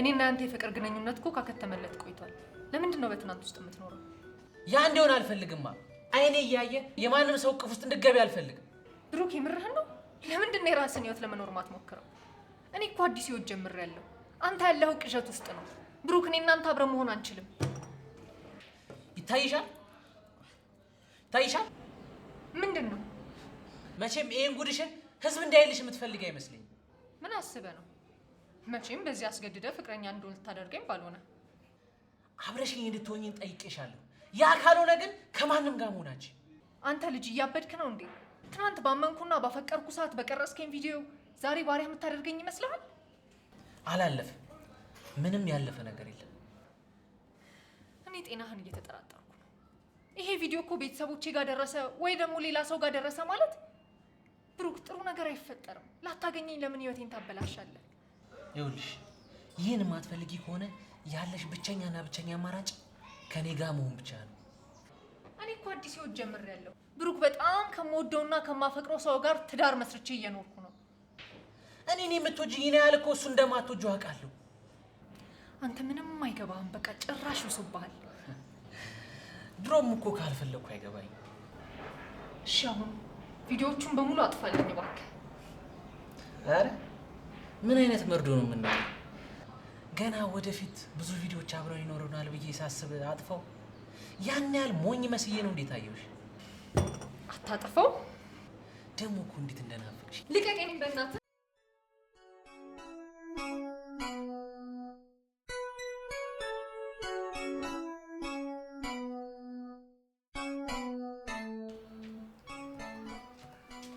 እና አንተ የፍቅር ግንኙነት እኮ ካከተመለት ቆይቷል። ለምንድን ነው በትናንት ውስጥ የምትኖረው? ያ እንዲሆን አልፈልግማ። አይኔ እያየ የማንም ሰው እቅፍ ውስጥ እንድገቢ አልፈልግም። ብሩክ የምርህን ነው? ለምንድን ነው የራስን ህይወት ለመኖር ማትሞክረው? እኔ እኮ አዲስ ህይወት ያለው አንተ ያለኸው ቅዠት ውስጥ ነው። ብሩክ፣ እኔ እናንተ አብረን መሆን አንችልም። ይታይሻል፣ ይታይሻል። ምንድን ነው መቼም ይሄን ጉድሽን ህዝብ እንዳይልሽ የምትፈልግ አይመስለኝም። ምን አስበህ ነው? መቼም በዚህ አስገድደ ፍቅረኛ እንደሆን ልታደርገኝ ባልሆነ አብረሽኝ እንድትሆኝን ጠይቄሻለሁ። ያ ካልሆነ ግን ከማንም ጋር መሆናችን። አንተ ልጅ እያበድክ ነው እንዴ? ትናንት ባመንኩና ባፈቀርኩ ሰዓት በቀረጽከኝ ቪዲዮ ዛሬ ባሪያ የምታደርገኝ ይመስልሃል? አላለፈም። ምንም ያለፈ ነገር የለም። እኔ ጤናህን እየተጠራጠርኩ ነው። ይሄ ቪዲዮ እኮ ቤተሰቦቼ ጋር ደረሰ ወይ ደግሞ ሌላ ሰው ጋር ደረሰ ማለት ብሩክ፣ ጥሩ ነገር አይፈጠርም። ላታገኘኝ ለምን ህይወቴን ታበላሻለን? ይኸውልሽ ይህን የማትፈልጊ ከሆነ ያለሽ ብቸኛና ብቸኛ አማራጭ ከኔ ጋር መሆን ብቻ ነው። እኔ እኮ አዲስ ህይወት ጀምሬያለሁ ብሩክ። በጣም ከምወደውና ከማፈቅረው ሰው ጋር ትዳር መስርቼ እየኖርኩ ነው። እኔ እኔ የምትወጂኝ እኔ ያህል እኮ እሱ እንደማትወጂው አውቃለሁ። አንተ ምንም አይገባህም። በቃ ጭራሽ ውሱብሃል። ድሮም እኮ ካልፈለግኩ አይገባኝ። እሺ አሁን ቪዲዮዎቹን በሙሉ አጥፋለኝ እባክህ። አረ ምን አይነት መርዶ ነው የምናየው? ገና ወደፊት ብዙ ቪዲዮዎች አብረው ይኖሩናል ብዬ ሳስብ አጥፈው ያን ያህል ሞኝ መስዬ ነው እንዴት አየሁሽ? አታጥፈው ደግሞ እኮ እንዴት እንደናፈቅሽ። ልቀቀኝ በእናትህ።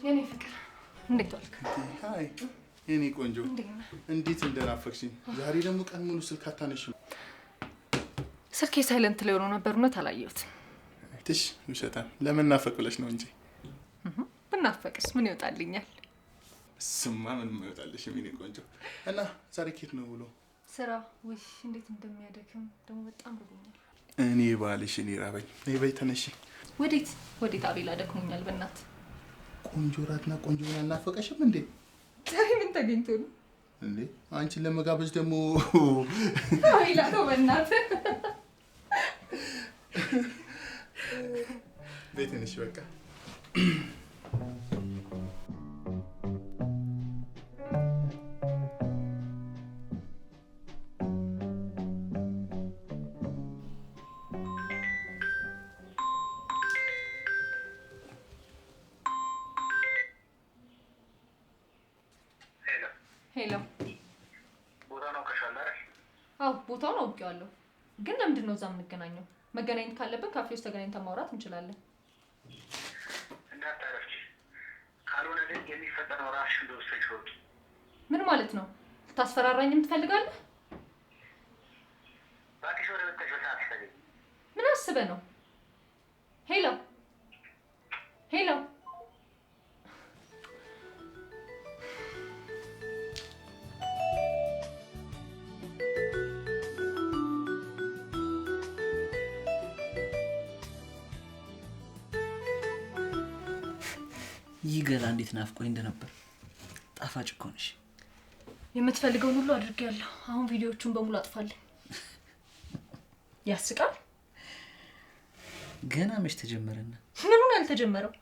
የኔ ፍቅር እንዴት ዋልክ? የኔ ቆንጆ እንዴት እንደናፈቅሽኝ። ዛሬ ደግሞ ቀን ሙሉ ስልክ አታነሽም። ስልክ ሳይለንት ላይ ሆኖ ነበር፣ እውነት አላየሁትም። ትሽ ይሸታል። ለመናፈቅ ብለሽ ነው እንጂ ብናፈቅስ ምን ይወጣልኛል? ስማ ምንም አይወጣልሽም የኔ ቆንጆ። እና ዛሬ ኬት ነው ብሎ ስራ ውሽ እንዴት እንደሚያደክም ደግሞ በጣም ርቦኛል። እኔ ባልሽ እኔ ራበኝ። ነይ በይ ተነሽ። ወዴት ወዴት? አቤላ ደክሞኛል። በእናት ቆንጆ ራትና ቆንጆ ያናፈቀሽም እንዴ? ዛሬ ምን ተገኝቶ ነው እንዴ? አንቺን ለመጋበዝ ደግሞ ይላ ነው። በእናትህ ቤት ነሽ በቃ የሌለው አዎ ቦታውን አውቄዋለሁ። ግን ለምንድን ነው እዛ የምንገናኘው? መገናኘት ካለብን ካፌ ውስጥ ተገናኝተን ማውራት እንችላለን። እንዳታረፍች፣ ካልሆነ ግን የሚፈጠረው ምን ማለት ነው? ልታስፈራራኝም ትፈልጋለህ? ይህ ገላ እንዴት ናፍቆኝ እንደነበር። ጣፋጭ እኮ ነሽ። የምትፈልገውን ሁሉ አድርጌያለሁ። አሁን ቪዲዮዎቹን በሙሉ አጥፋለሁ። ያስቃል። ገና መች ተጀመረና? ምኑን ያልተጀመረው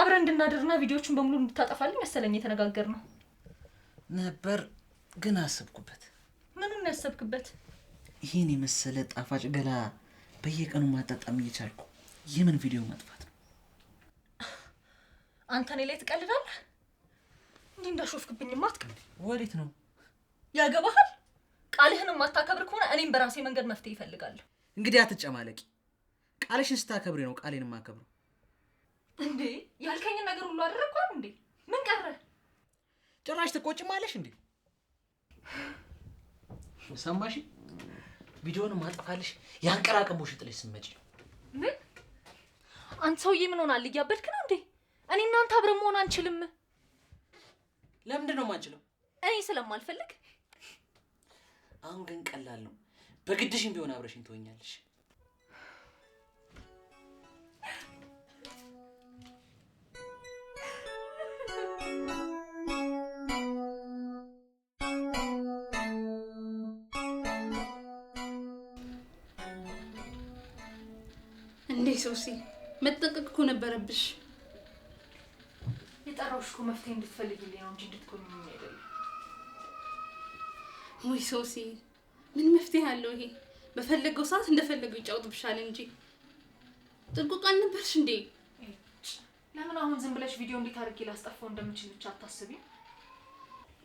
አብረን እንድናደርና ቪዲዮዎቹን በሙሉ እንድታጠፋልኝ መሰለኝ የተነጋገርነው ነበር። ግን አሰብኩበት። ምኑን ያሰብክበት? ይህን የመሰለ ጣፋጭ ገላ በየቀኑ ማጣጣም እየቻልኩ የምን ቪዲዮ ማጥፋት አንተ እኔ ላይ ትቀልዳለህ? እንዲህ እንዳሾፍክብኝማ ማትቀል ወዴት ነው ያገባሃል? ቃልህን ማታከብር ከሆነ እኔም በራሴ መንገድ መፍትሄ ይፈልጋለሁ። እንግዲህ አትጨማለቂ። ቃልሽን ስታከብሬ ነው ቃሌን ማከብሩ። እንዴ ያልከኝን ነገር ሁሉ አደረግኳል። እንዴ ምን ቀረ? ጭራሽ ትቆጭማለሽ እንዴ? ሰማሽ? ቪዲዮን ማጠፋልሽ ያንቀራቅቦሽ ጥለሽ ስትመጪ ምን? አንተ ሰውዬ ምን ሆናል? እያበድክ ነው እንዴ? እኔ እናንተ አብረን መሆን አንችልም። ለምንድን ነው የማንችለው? እኔ ስለማልፈልግ። አሁን ግን ቀላል ነው። በግድሽም ቢሆን አብረሽኝ ትሆኛለሽ። እንዴ ሶሲ መጠንቀቅ እኮ ነበረብሽ። አብሽኮ መፍትሄ እንድትፈልግልኝ ነው እንጂ እንድትኮኝኝ አይደለም። ወይ ሶሲ፣ ምን መፍትሄ አለው ይሄ? በፈለገው ሰዓት እንደፈለገው ይጫውትብሻል እንጂ ጥንቁቅ አልነበርሽ እንዴ? ለምን አሁን ዝም ብለሽ ቪዲዮ እንዴት አድርጌ ላስጠፋው እንደምችል ብቻ አታስቢ።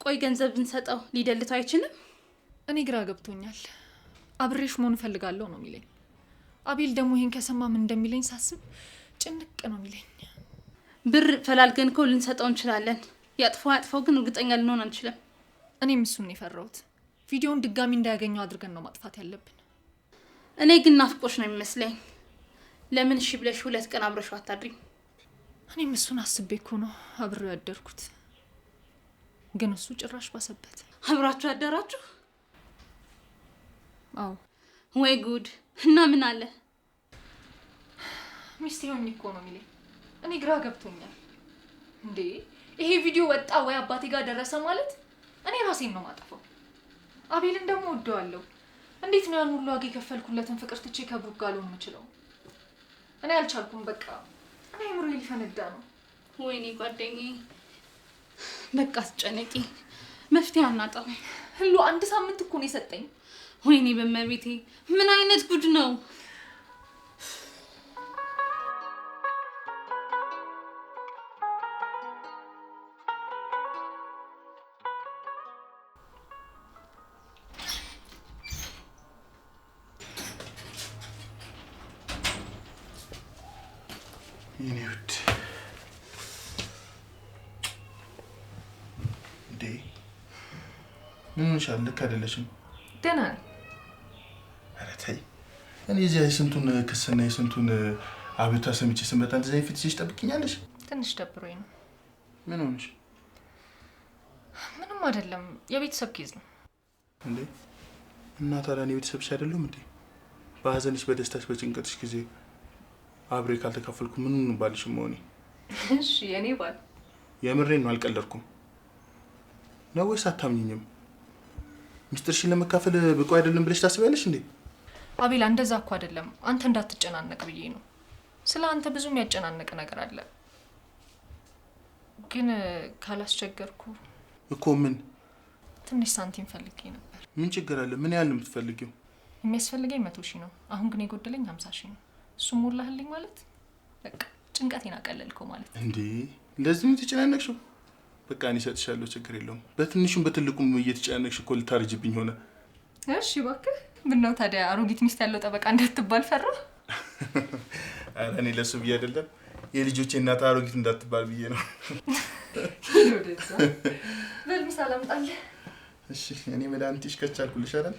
ቆይ ገንዘብ ብንሰጠው ሊደልት አይችልም? እኔ ግራ ገብቶኛል። አብሬሽ መሆን እፈልጋለሁ ነው የሚለኝ። አቤል ደግሞ ይሄን ከሰማ ምን እንደሚለኝ ሳስብ ጭንቅ ነው የሚለኝ። ብር ፈላልገን እኮ ልንሰጠው እንችላለን። ያጥፎ ያጥፎ ግን እርግጠኛ ልንሆን አንችልም። እኔም እሱን የፈራሁት ቪዲዮውን ድጋሚ እንዳያገኘው አድርገን ነው ማጥፋት ያለብን። እኔ ግን ናፍቆሽ ነው የሚመስለኝ። ለምን እሺ ብለሽ ሁለት ቀን አብረሽ አታድሪም? እኔም እሱን አስቤ እኮ ነው አብሬው ያደርኩት፣ ግን እሱ ጭራሽ ባሰበት። አብራችሁ ያደራችሁ? አዎ። ወይ ጉድ! እና ምን አለ ሚስቴ ሆኜ እኮ ነው የሚለኝ እኔ ግራ ገብቶኛል። እንዴ ይሄ ቪዲዮ ወጣ ወይ አባቴ ጋር ደረሰ ማለት እኔ ራሴን ነው ማጠፋው። አቤልን ደግሞ ወደዋለሁ። እንዴት ነው ያን ሁሉ ዋጋ የከፈልኩለትን ፍቅር ትቼ ከብሩክ ጋር ልሆን የምችለው? እኔ አልቻልኩም። በቃ እኔ አእምሮዬ ሊፈነዳ ነው። ወይኔ ጓደኛዬ፣ በቃ አስጨነቂ። መፍትሄ አናጣም። ህሉ አንድ ሳምንት እኮ ነው የሰጠኝ። ወይኔ በመቤቴ፣ ምን አይነት ጉድ ነው! ይሻል። ልክ አይደለሽም። ደህና ነኝ። ኧረ ተይ። እኔ እዚያ የስንቱን ክስና የስንቱን አቤቱታ ሰምቼ ስመጣ እንደዚያ የፊት ይዘሽ ጠብቅኛለሽ። ትንሽ ደብሮኝ ነው። ምን ሆንሽ? ምንም አይደለም። የቤተሰብ ኬዝ ነው እንዴ? እና ታዲያ እኔ ቤተሰብሽ አይደለሁም እንዴ? በሀዘንሽ፣ በደስታሽ፣ በጭንቀትሽ ጊዜ አብሬ ካልተካፈልኩ ምን ባልሽ መሆኔ? እሺ የኔ ባል፣ የምሬን ነው። አልቀለድኩም ነው ወይስ አታምኝኝም? ሚስጥርሽን ለመካፈል ብቁ አይደለም ብለሽ ታስቢያለሽ እንዴ? አቤላ፣ እንደዛ እኮ አይደለም። አንተ እንዳትጨናነቅ ብዬ ነው። ስለ አንተ ብዙ የሚያጨናነቅ ነገር አለ። ግን ካላስቸገርኩ እኮ ምን ትንሽ ሳንቲም ፈልጌ ነበር። ምን ችግር አለ? ምን ያህል ነው የምትፈልጊው? የሚያስፈልገኝ መቶ ሺህ ነው። አሁን ግን የጎደለኝ ሀምሳ ሺህ ነው። እሱ ሞላህልኝ ማለት በቃ ጭንቀቴን አቀለልከው ማለት እንዴ? ለዚህ ነው የተጨናነቅሽው? በቃ እኔ እሰጥሻለሁ፣ ችግር የለውም። በትንሹም በትልቁም እየተጨነቅሽ እኮ ልታረጅብኝ ሆነ። እሺ እባክህ። ምነው ታዲያ አሮጊት ሚስት ያለው ጠበቃ እንዳትባል ፈራ? ኧረ እኔ ለሱ ብዬ አይደለም የልጆቼ እናት አሮጊት እንዳትባል ብዬ ነው። በል እሺ እኔ መድኃኒትሽ ከቻልኩልሽ አይደል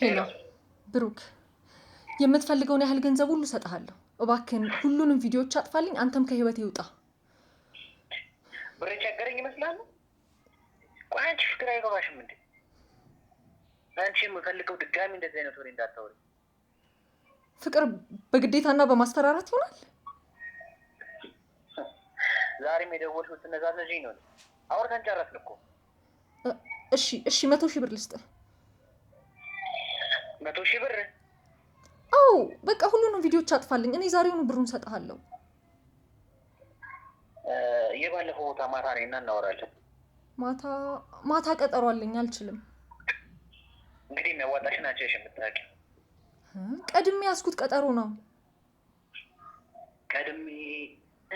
ሄሎ ብሩክ፣ የምትፈልገውን ያህል ገንዘብ ሁሉ እሰጥሃለሁ። እባክህን ሁሉንም ቪዲዮዎች አጥፋልኝ፣ አንተም ከህይወት ይውጣ። ብር የቸገረኝ ይመስላል። ቆይ አንቺ ፍቅር አይገባሽም እንዴ? አንቺ የምፈልገው ድጋሚ እንደዚህ አይነት ወሬ እንዳታወሪ። ፍቅር በግዴታና በማስፈራራት ይሆናል። ዛሬም የደወልሽው ትነዛዘዥኝ ነው። አውርተን ጨረስን እኮ። እሺ፣ እሺ፣ መቶ ሺህ ብር ልስጥህ መቶ ሺህ ብር አው በቃ ሁሉንም ቪዲዮዎች አጥፋልኝ። እኔ ዛሬውኑ ብሩን ሰጥሃለሁ። የባለፈው ቦታ ማታ እኔና እናወራለን። ማታ ማታ ቀጠሮ አለኝ፣ አልችልም። እንግዲህ የሚያዋጣሽ ናቸው የምታውቂ። ቀድሜ ያዝኩት ቀጠሮ ነው። ቀድሜ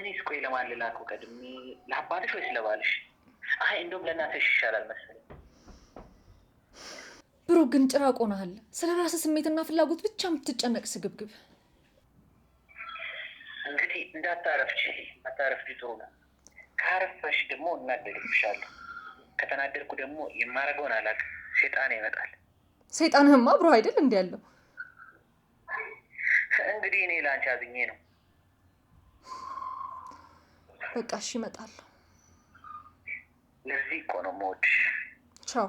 እኔ ስቆይ ለማን ልላከው? ቀድሜ ለአባትሽ ወይስ ለባልሽ? አይ እንደውም ለእናትሽ ይሻላል መሰለኝ ብሩክ ግን ጭራቅ ሆነሃል። ስለ ራስ ስሜትና ፍላጎት ብቻ የምትጨነቅ ስግብግብ። እንግዲህ እንዳታረፍች አታረፍች ጥሩ ነው። ካረፈሽ ደግሞ እናደድብሻለሁ። ከተናደድኩ ደግሞ የማረገውን አላውቅም። ሴጣን ይመጣል። ሴጣንህማ ብሮ አይደል እንዲ ያለው። እንግዲህ እኔ ለአንቺ አዝኜ ነው። በቃ እሺ፣ እመጣለሁ። ለዚህ እኮ ነው የምወድሽ። ቻው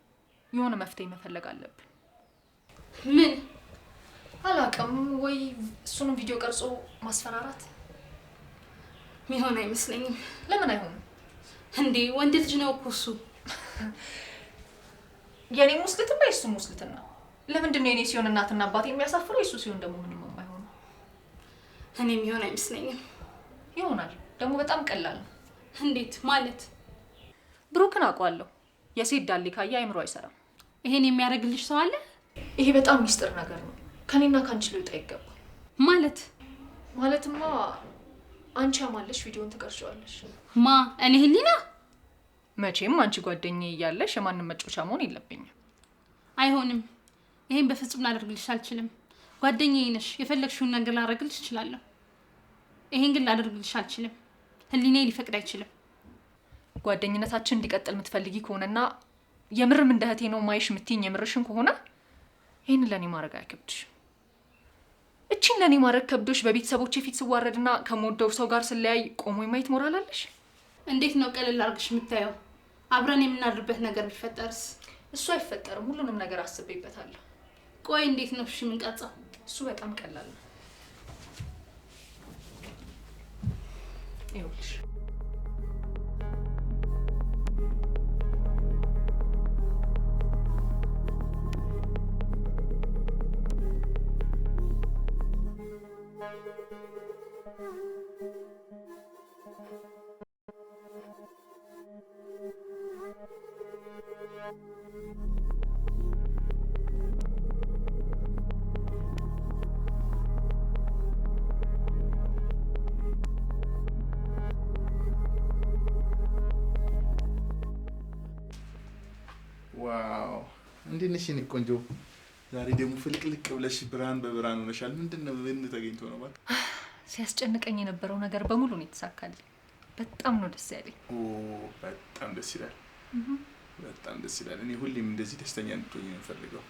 የሆነ መፍትሄ መፈለግ አለብን። ምን አላውቅም። ወይ እሱንም ቪዲዮ ቀርጾ ማስፈራራት ሚሆን አይመስለኝም። ለምን አይሆንም እንዴ? ወንድ ልጅ ነው እኮ እሱ። የኔ ሙስልትና የሱ ሙስልትና ለምንድን ነው የኔ ሲሆን እናትና አባት የሚያሳፍረው የሱ ሲሆን ደግሞ ምንም የማይሆነው? እኔ ሚሆን አይመስለኝም። ይሆናል ደግሞ በጣም ቀላል ነው። እንዴት ማለት? ብሩክን አውቀዋለሁ። የሴት ዳሌ አይምሮ አይሰራም። ይሄን የሚያደርግልሽ ሰው አለ? ይሄ በጣም ሚስጥር ነገር ነው። ከኔና ከአንቺ ሊወጣ ይገባል። ማለት ማለትማ አንቺ ያማለሽ ቪዲዮን ትቀርጫዋለሽ። ማ እኔ ህሊና? መቼም አንቺ ጓደኛዬ እያለሽ የማንም መጮቻ መሆን የለብኝም። አይሆንም። ይሄን በፍጹም ላደርግልሽ አልችልም። ጓደኛዬ ነሽ፣ የፈለግሽውን ነገር ላደርግልሽ እችላለሁ። ይሄን ግን ላደርግልሽ አልችልም። ህሊኔ ሊፈቅድ አይችልም። ጓደኝነታችን እንዲቀጥል የምትፈልጊ ከሆነና የምርም እንደ እህቴ ነው ማይሽ የምትይኝ የምርሽን ከሆነ ይህን ለእኔ ማድረግ አይከብድሽ። እቺን ለእኔ ማድረግ ከብዶሽ በቤተሰቦች ፊት ስዋረድና ከምወደው ሰው ጋር ስለያይ ቆሞ ማየት ሞራላለሽ? እንዴት ነው ቀለል አድርግሽ የምታየው? አብረን የምናድርበት ነገር ቢፈጠርስ? እሱ አይፈጠርም። ሁሉንም ነገር አስቤበታለሁ። ቆይ እንዴት ነው እሺ የምንቀርጸው? እሱ በጣም ቀላል ነው። ይኸውልሽ ነሽ የእኔ ቆንጆ። ዛሬ ደግሞ ፍልቅልቅ ብለሽ ብርሃን በብርሃን ሆነሻል። ምንድን ነው ምን ተገኝቶ ነው ባል ሲያስጨንቀኝ የነበረው ነገር በሙሉ ነው የተሳካልኝ። በጣም ነው ደስ ያለኝ። በጣም ደስ ይላል። በጣም ደስ ይላል። እኔ ሁሌም እንደዚህ ደስተኛ እንድትሆኝ ነው የምፈልገው።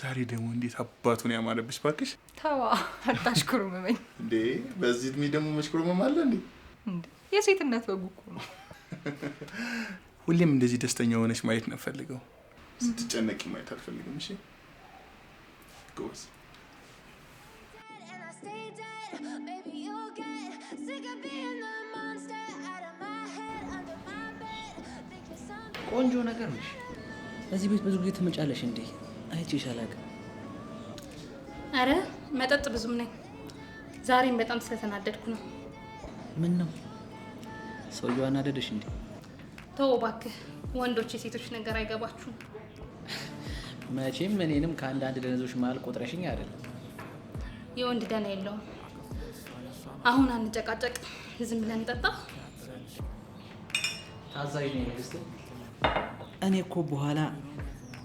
ዛሬ ደግሞ እንዴት አባቱን ያማረብሽ ባክሽ። ተዋ አታሽኮርመመኝ እንዴ! በዚህ እድሜ ደግሞ መሽኮርመም አለ እንዴ? የሴትነት በጉ እኮ ነው። ሁሌም እንደዚህ ደስተኛ ሆነሽ ማየት ነው የምፈልገው። ስትጨነቂ ማየት አልፈልግም። እሺ ጎበዝ። ቆንጆ ነገር ነሽ። እዚህ ቤት ብዙ ጊዜ ትመጫለሽ እንዴ? አይቼሽ አላውቅም። አረ መጠጥ ብዙም ነኝ። ዛሬም በጣም ስለተናደድኩ ነው። ምን ነው ሰውየው አናደደሽ እንዴ? ተው እባክህ፣ ወንዶች የሴቶች ነገር አይገባችሁም። መቼም እኔንም ከአንዳንድ ደነዞች መሀል ቆጥረሽኝ አይደለም። የወንድ ደህና የለውም። አሁን አንጨቃጨቅ፣ ዝም ብለን እንጠጣ። ታዛዥ ነው ንግስት። እኔ እኮ በኋላ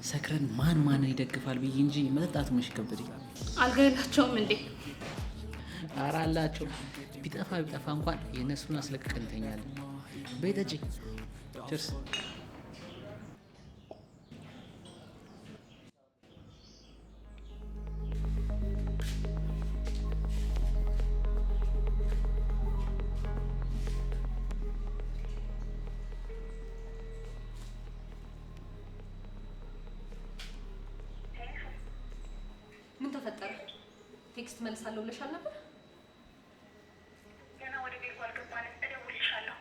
ሰክረን ማን ማንን ይደግፋል ብዬ እንጂ መጠጣቱ መሽ ከብድ አልገላቸውም እንዴ? ኧረ አላቸው። ቢጠፋ ቢጠፋ እንኳን የእነሱን አስለቅቀን እንተኛለን። በይ ጠጪ። ችርስ ቴክስት መልሳለሁ ብለሻል ነበር። ገና ወደ ቤት አልገባንም። እደውልልሻለሁ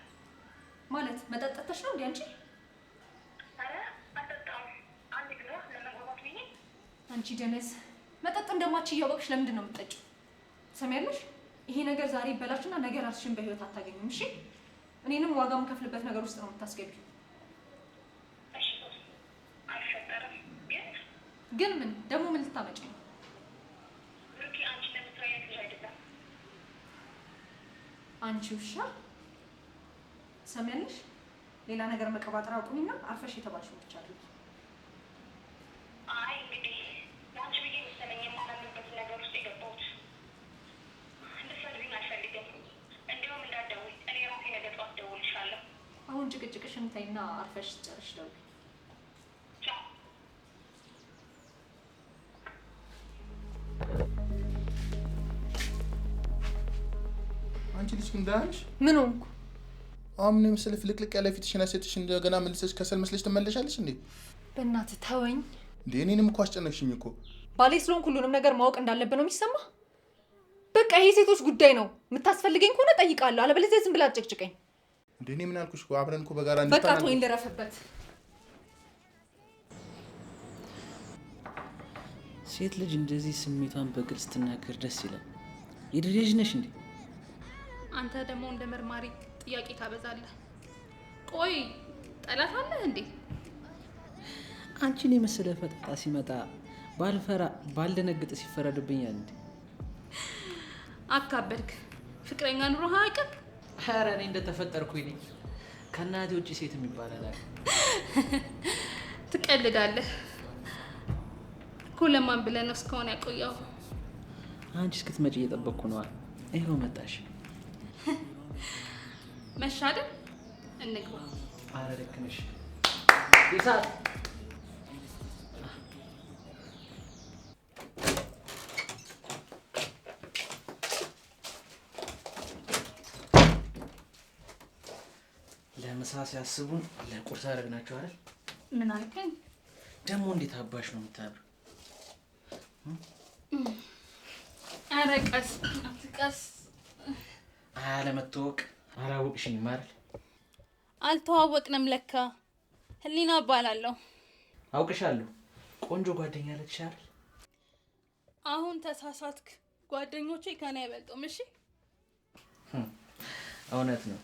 ማለት መጠጥ ጠጥተሽ ነው እንዴ አንቺ? አረ አልጠጣሁም። አንድ ግራ ለመግባባት አንቺ ደነዝ መጠጥ እንደማች እያወቅሽ ለምንድን ነው የምትጠጪው? ትሰሚያለሽ? ይሄ ነገር ዛሬ ይበላሽና ነገር ራስሽን በህይወት አታገኙም። እሺ እኔንም ዋጋ የምከፍልበት ነገር ውስጥ ነው የምታስገቢው። ግን ምን ደግሞ ምን ልታመጪ አንቺ ውሻ ሰሚያለሽ፣ ሌላ ነገር መቀባጠር አቁሚና አርፈሽ የተባልሽ ብቻ አድርጊ። አይ እንግዲህ ለአንቺ ብዬ መሰለኝ የማናምንበት ነገር ውስጥ የገባሁት። እንድትሰድቢኝ አልፈልግም። እንዲሁም እንዳትደውይ፣ እኔ ራሴ ነገ ጠዋት እደውልልሻለሁ። አሁን ጭቅጭቅሽን ተይና አርፈሽ ጨርሽ ደውይ። አልመሰልሽም? ደህና ነሽ? ምን ሆንኩ? ፍልቅልቅ ያለ ፊትሽን አሴትሽ እንደገና መልሰሽ ከሰል መስለሽ ትመለሻለሽ እንዴ? በእናት ተወኝ እንዴ! እኔንም እኮ አስጨነቅሽኝ እኮ። ባሌ ስለሆንኩ ሁሉንም ነገር ማወቅ እንዳለብህ ነው የሚሰማ? በቃ ይሄ ሴቶች ጉዳይ ነው። የምታስፈልገኝ ከሆነ ጠይቃለሁ፣ አለበለዚያ ዝም ብላ አጨቅጭቀኝ። እንዴ እኔ ምን አልኩሽ? አብረን እኮ በጋራ በቃ ተወኝ፣ ልረፍበት። ሴት ልጅ እንደዚህ ስሜቷን በግልጽ ትናገር ደስ ይላል። የድሬጅ ነሽ እንዴ? አንተ ደግሞ እንደ መርማሪ ጥያቄ ታበዛለህ። ቆይ ጠላት አለህ እንዴ? አንቺን የመሰለ ፈጣጣ ሲመጣ ባልፈራ ባልደነግጥ ሲፈረድብኛል እንዴ? አካበድክ። ፍቅረኛ ኑሮ አያውቅም። ኧረ እኔ እንደተፈጠርኩኝ ነኝ። ከእናቴ ውጭ ሴት የሚባል አላውቅም። ትቀልዳለህ እኮ። ለማን ብለህ ነው እስካሁን ያቆየው? አንቺ እስክትመጪ እየጠበቅኩ ነዋ። ይኸው መጣሽ። መሻደብ እንግባ። ኧረ ልክ ነሽ። ለምሳ ሲያስቡን ለቁርስ አደረግናቸው አይደል? ምን አልከኝ? ደግሞ እንዴት አባሽ ነው የምታብሩ? ቀስ አለመታወቅ አላወቅሽኝ ማርል አልተዋወቅንም ለካ ህሊና እባላለሁ አውቅሻለሁ ቆንጆ ጓደኛ ለትሻል አሁን ተሳሳትክ ጓደኞቼ ከኔ አይበልጡም እሺ እውነት ነው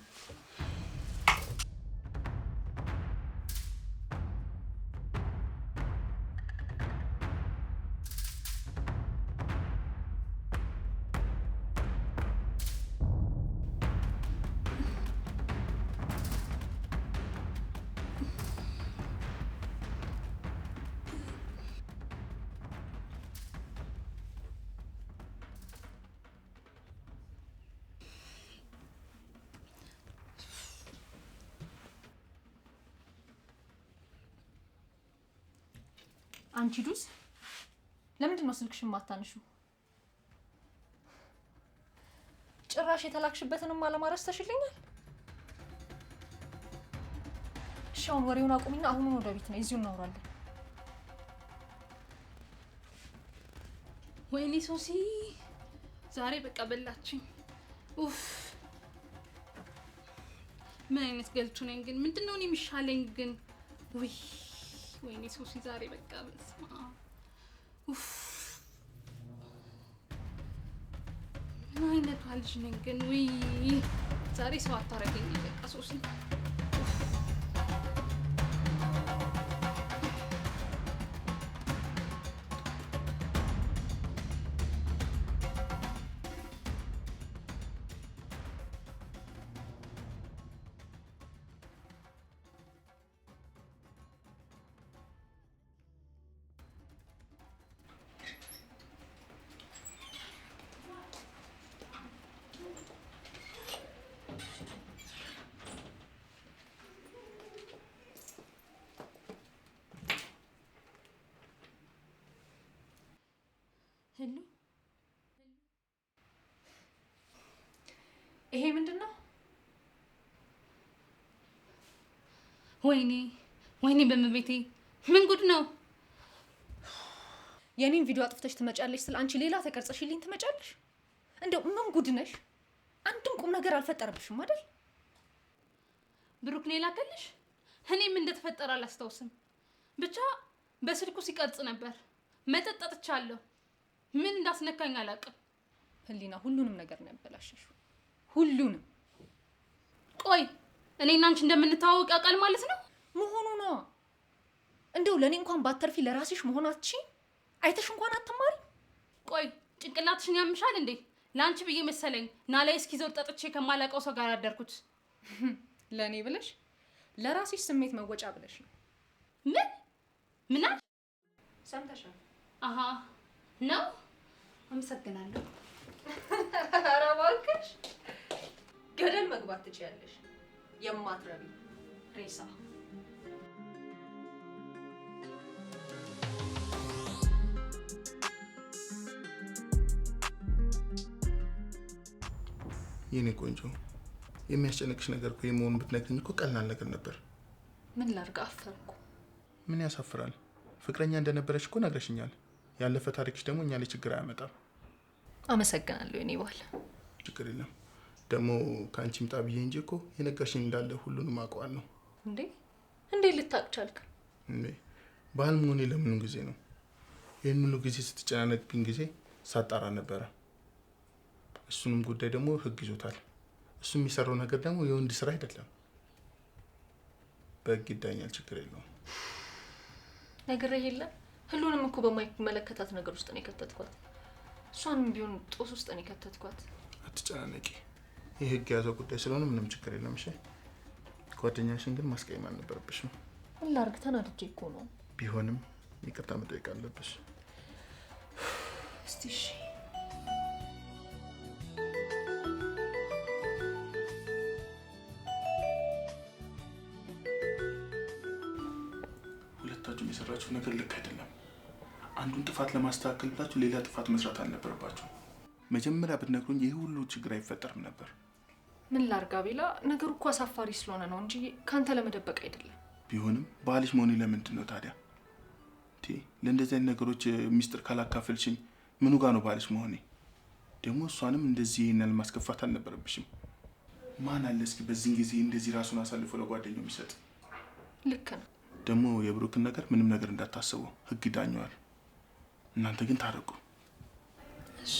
ዱስ ለምንድን ነው ስልክሽን ማታንሹ? ጭራሽ የተላክሽበትንም አለማረስ ተሽልኛል። እሺ አሁን ወሬውን አቁሚና አሁኑን ወደ ቤት ነው፣ እዚሁ እናውራለን። ወይኔ ሶሲ ዛሬ በቃ በላችኝ። ኡፍ ምን አይነት ገልቹ ነኝ ግን! ምንድን ነው እኔ የሚሻለኝ ግን? ውይ ወይኔ ሶሲ ዛሬ በቃ በስማ ኡፍ ምን አይነቷ ልጅ ነኝ ግን? ውይ ዛሬ ሰው አታረገኝ በቃ ሶሲ ወይኔ ወይኔ፣ በእመቤቴ ምን ጉድ ነው? የኔን ቪዲዮ አጥፍተሽ ትመጫለሽ ስለ አንቺ ሌላ ተቀርጸሽልኝ ትመጫለሽ። እንደው ምን ጉድ ነሽ? አንድም ቁም ነገር አልፈጠረብሽም አይደል? ብሩክ ነው የላከልሽ? እኔም ምን እንደተፈጠረ አላስታውስም። ብቻ በስልኩ ሲቀርጽ ነበር። መጠጥ ጠጥቻለሁ። ምን እንዳስነካኝ አላውቅም። ህሊና፣ ሁሉንም ነገር ነው ያበላሸሽው። ሁሉንም። ቆይ እኔ አንቺ እንደምንተዋወቅ ያውቃል ማለት ነው መሆኑ ነው። እንደው ለእኔ እንኳን ባተርፊ ለራስሽ መሆናችን አይተሽ እንኳን አትማሪ። ቆይ ጭንቅላትሽን ያምሻል እንዴ? ለአንቺ ብዬ መሰለኝ ናላይ እስኪ ዞር ጠጥቼ ከማላውቀው ሰው ጋር አደርኩት ለእኔ ብለሽ ለራስሽ ስሜት መወጫ ብለሽ ነው። ምን ምና ሰምተሻል? አሀ ነው። አመሰግናለሁ። ኧረ እባክሽ ገደል መግባት ትችያለሽ። የማትረቢ ሬሳ የኔ ቆንጆ የሚያስጨንቅሽ ነገር እኮ የመሆኑ ብትነግሪኝ እኮ ቀላል ነገር ነበር። ምን ላድርግ? አፈርኩ። ምን ያሳፍራል? ፍቅረኛ እንደነበረች እኮ ነግረሽኛል። ያለፈ ታሪክሽ ደግሞ እኛ ላይ ችግር አያመጣም። አመሰግናለሁ የኔ ባል። ችግር የለም። ደግሞ ከአንቺ ምጣ ብዬ እንጂ እኮ የነገርሽኝ እንዳለ ሁሉንም አውቀዋለሁ። እንዴ እንዴ ልታቅ ቻልክ? እንዴ ባህል መሆኔ ለምኑ ጊዜ ነው? ይህን ሁሉ ጊዜ ስትጨናነቅብኝ ጊዜ ሳጣራ ነበረ። እሱንም ጉዳይ ደግሞ ህግ ይዞታል። እሱ የሚሰራው ነገር ደግሞ የወንድ ስራ አይደለም። በህግ ይዳኛል። ችግር የለውም። ነገር የለም። ሁሉንም እኮ በማይመለከታት ነገር ውስጥ ነው የከተትኳት። እሷንም ቢሆን ጦስ ውስጥ ነው የከተትኳት። አትጨናነቂ ይህ ህግ የያዘው ጉዳይ ስለሆነ ምንም ችግር የለም። እሺ ጓደኛሽን ግን ማስቀየም አልነበረብሽም። ላርግ ተናድጄ እኮ ነው። ቢሆንም ይቅርታ መጠየቅ አለብሽ። እስቲ እሺ የሰራችሁ ነገር ልክ አይደለም። አንዱን ጥፋት ለማስተካከል ብላችሁ ሌላ ጥፋት መስራት አልነበረባችሁ። መጀመሪያ ብትነግሩኝ ይህ ሁሉ ችግር አይፈጠርም ነበር። ምን ላርጋ ቤላ፣ ነገሩ እኮ አሳፋሪ ስለሆነ ነው እንጂ ከአንተ ለመደበቅ አይደለም። ቢሆንም ባልሽ መሆኔ ለምንድን ነው ታዲያ? ለእንደዚህ አይነት ነገሮች ሚስጥር ካላካፈልሽኝ ምኑ ጋ ነው ባልሽ መሆኔ? ደግሞ እሷንም እንደዚህ ይህን ማስከፋት አልነበረብሽም። ማን አለ እስኪ በዚህን ጊዜ እንደዚህ ራሱን አሳልፎ ለጓደኛው የሚሰጥ? ልክ ነው። ደግሞ የብሩክን ነገር ምንም ነገር እንዳታስበው፣ ህግ ይዳኘዋል። እናንተ ግን ታረቁ እሺ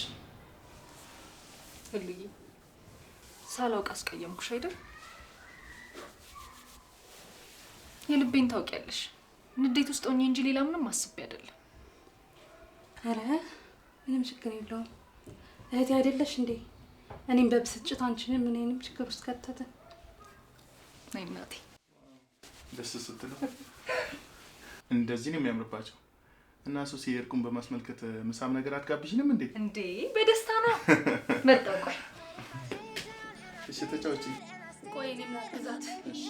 ሳላውቅ አስቀየምኩሽ አይደል? የልቤን ታውቂያለሽ። ንዴት ውስጥ ሆኜ እንጂ ሌላ ምንም አስቤ አይደለም። አረ ምንም ችግር የለውም እህቴ አይደለሽ እንዴ? እኔም በብስጭት አንቺንም እኔንም ችግር ውስጥ ከተተ። እናቴ ደስ ስትለው እንደዚህ ነው የሚያምርባቸው። እና ሶሲ የእርቁን በማስመልከት ምሳም ነገር አትጋብዥንም እንዴ? እንዴ በደስታ ነው መጣሁ። እሺ ተጫውቺ። ቆይ እኔም ላግዛት። እሺ